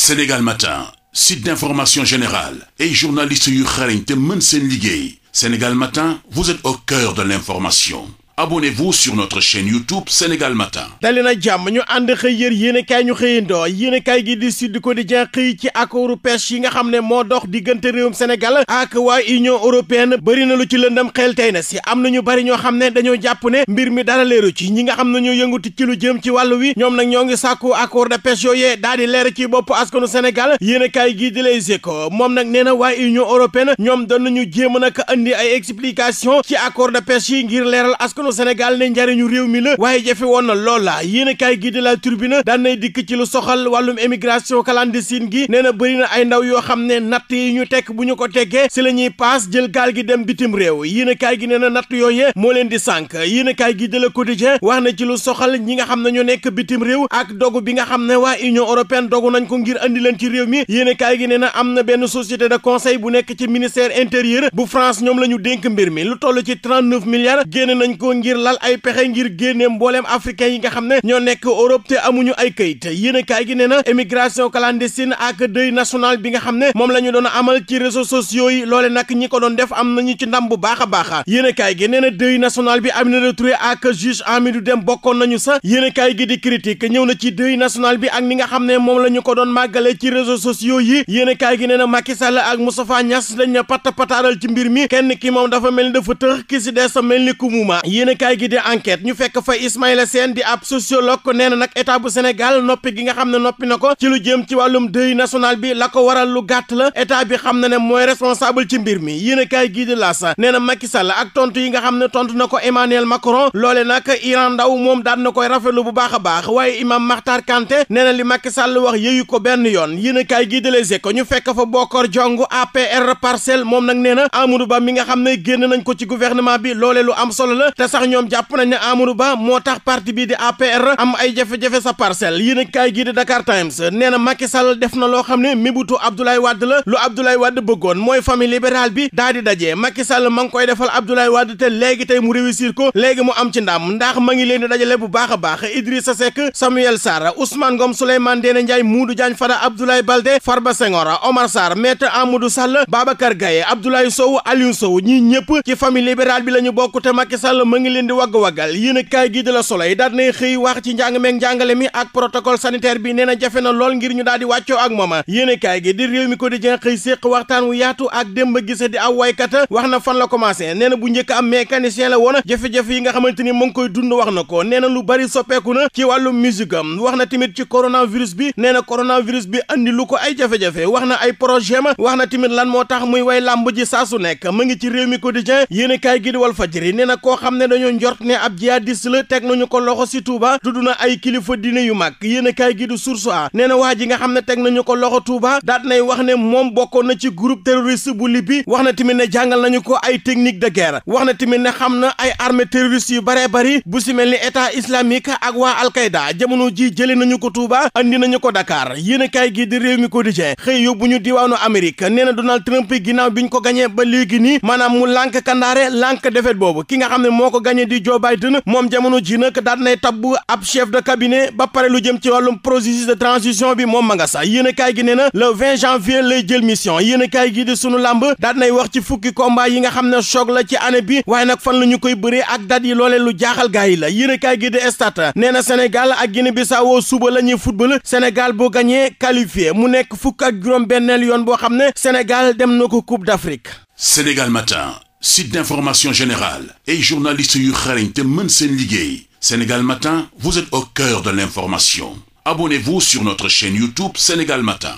Sénégal Matin site d'information générale et journaliste yu xarañ te mën seen liggéey Sénégal Matin vous êtes au cœur de l'information abonnez-vous sur notre chaîne YouTube Sénégal Matin dali na jàmm ñu ànd xëy yër yéenekaay ñu xëyandoo yéenekaay gi di Sud Quotidien xëy ci accordu pêche yi nga xam ne moo dox diggante réewum Sénégal ak waa Union européenne bëri na lu ci lëndam xel tey na si am na ñu bëri ñoo xam ne dañoo jàpp ne mbir mi dara leeru ci ñi nga xam ne ñoo yënguti ci lu jëm ci wàll wi ñoom nag ñoo ngi sàkku accord de pêche yooyee daal di leer ci bopp askanu Sénégal yéenekaay gi di Les Échos moom nag nee na waa Union européenne ñoom doon nañu jéem nag andi ay explication ci accord de pêche yi ngir leeral askanu Sénégal ne njariñu réew mi la waaye jafe woon na loola yéen a kaay gi de la Tribune daan dikk ci lu soxal wàllum émigration clandestine gi nee na bëri na ay ndaw yoo xam ne natt yi ñu tekk bu ñu ko tekkee si la ñuy paas jël gaal gi dem bitim réew yéen gi nee na natt yooyee moo leen di sànk yéen a kaay gi de la Quotidien wax na ci lu soxal ñi nga xam ne ñoo nekk bitim réew ak dogu bi nga xam ne waa Union européenne dogu nañ ko ngir indi leen ci réew mi yéen gi nee na am na benn société de conseil bu nekk ci ministère intérieur bu France ñoom la ñu dénk mbir mi lu toll ci 39 milliards génn nañ ko ngir lal ay pexe ngir génne mbooleem africain yi nga xam ne ñoo nekk Europe te amuñu ay kayit këyit kay gi nee na émigration clandestine ak deuil national bi nga xam ne moom la ñu doon amal ci réseaux sociaux yi loole nag ñi ko doon def am nañu ci ndam bu baax a baax yéenekaay gi nee na deuil national bi Aminata Touré ak juge Hamidou Dème bokkoon nañu sa yéenekaay gi di critique ñëw na ci deuil national bi ak ni nga xam ne moom la ñu ko doon màggale ci réseaux sociaux yi yéenekaay gi nee na Macky Sall ak Moustapha Niass lañ na ci mbir mi kenn ki moom dafa mel ni dafa sa mel ni ku muuma yéen a kaay gi ñu fekk fa Ismaïla Sène di ab sociologue nee na nag état bu Sénégal noppi xam ne noppi na ko ci lu jëm ci wàllum national bi la ko waral lu gàtt la état bi xam na ne mooy responsable ci mbir mi yéen a kaay gi di L'As nee na Macky Sall ak tontu yi nga xam ne tontu na ko Emmanuel Macron loole nag Iran Ndaw moom daan na koy rafetlu bu baax a baax waaye Imam Makhtar Kanté nee na li Macky Sall wax yëyu ko benn yoon yéen a kaay gi di Les Échos ñu fekk fa Bokor Diongue APR parcelle moom nag nee na Amadou Ba mi nga xam ne génn nañ ko ci gouvernement bi loole lu am solo la sax ñoom jàpp nañ ne Amadou Ba moo tax parti bii di APR am ay jafe-jafe sa parcelle yéen a kaay gii di Dakar Times nee na Macky Sall def na loo xam ne mébutu Abdoulaye Wade la lu Abdoulaye wadd bëggoon mooy famille libérale bi daa di daje Macky Sall ma ngi koy defal Abdoulaye Wade te léegi tey mu réussir ko léegi mu am ci ndam ndax ma ngi leen di dajale bu baax a baax Idrissa Seck Samuel Sarr Ousmane Ngom Souleymane Ndéné Ndiaye Modou Diagne Fada Abdoulaye Baldé Farba Senghor Omar Sarr Maître Amadou Sall Babacar Gaye Abdoulaye Sow Aliou Sow ñii ñëpp ci famille libérale bi la ñu bokk te Macky Sall ma ngi leen di wagg-waggal yéen a kaay gi de la Soleil daal nay xëy wax ci njàng meeg njàngale mi ak protocole sanitaire bi nee na jafe na lool ngir ñu daal di wàccoo ak mooma yéen a wax na fan la commencé nee na bu njëkk am mécanicien la woon jafe-jafe yi nga xamante ni mu ngi koy dund wax na ko nee na lu bari soppeeku na ci wàllu musique am wax na tamit ci coronavirus bi nee bi andi lu ko ay jafe-jafe wax na ay projet ma wax na tamit lan moo tax muy way làmb ji saa su nekk ma ngi ci réew mi quotidien yéen a kaay gi di dañoo njort ne ab jihadiste la teg nañu ko loxo si Touba tudd na ay kilifa diine yu mag yéenekaay gi du Source A nee na waa ji nga xam ne teg nañu ko loxo Touba daat nay wax ne moom bokkoon na ci groupe terroriste bu Libye wax na tamit ne jàngal nañu ko ay technique de guerre wax na tamit ne xam na ay armée terroriste yu baree bari bu si mel ni état islamique ak waa Al-Qaïda jamono ji jëlee nañu ko Touba andi nañu ko Dakar yéenekaay gi di Rewmi Quotidien xëy yóbbu ñu diwaanu Amérique nee na Donald Trump ginnaaw bi ñu ko gañee ba léegi nii maanaam mu lànk kandaare lànk defet boobu ki nga xam ne moo ko di Joe Biden moom jamono ji nag daan nay tabbu ab chef de cabinet ba pare lu jëm ci wàllum processus de transition bi moom ma nga sax yéen gi nee na le 20 janvier lay jël mission yéen a kaay gi di sunu làmb daan nay wax ci fukki combat yi nga xam ne choc la ci année bi waaye nag fan la ñu koy bëree ak date yi lu jaaxal gars yi la yéen a kaay gi di stade nee na Sénégal ak Guinée Bissau suba la ñuy football Sénégal boo gagné qualifié mu nekk fukk ak juróom benneel yoon boo xam ne Sénégal dem na ko Coupe d'Afrique Sénégal Matin site d'information générale ay journalistes yu xarañ te mën seen liggéey Sénégal Matin vous êtes au cœur de l'information abonnez-vous sur notre chaîne YouTube Sénégal Matin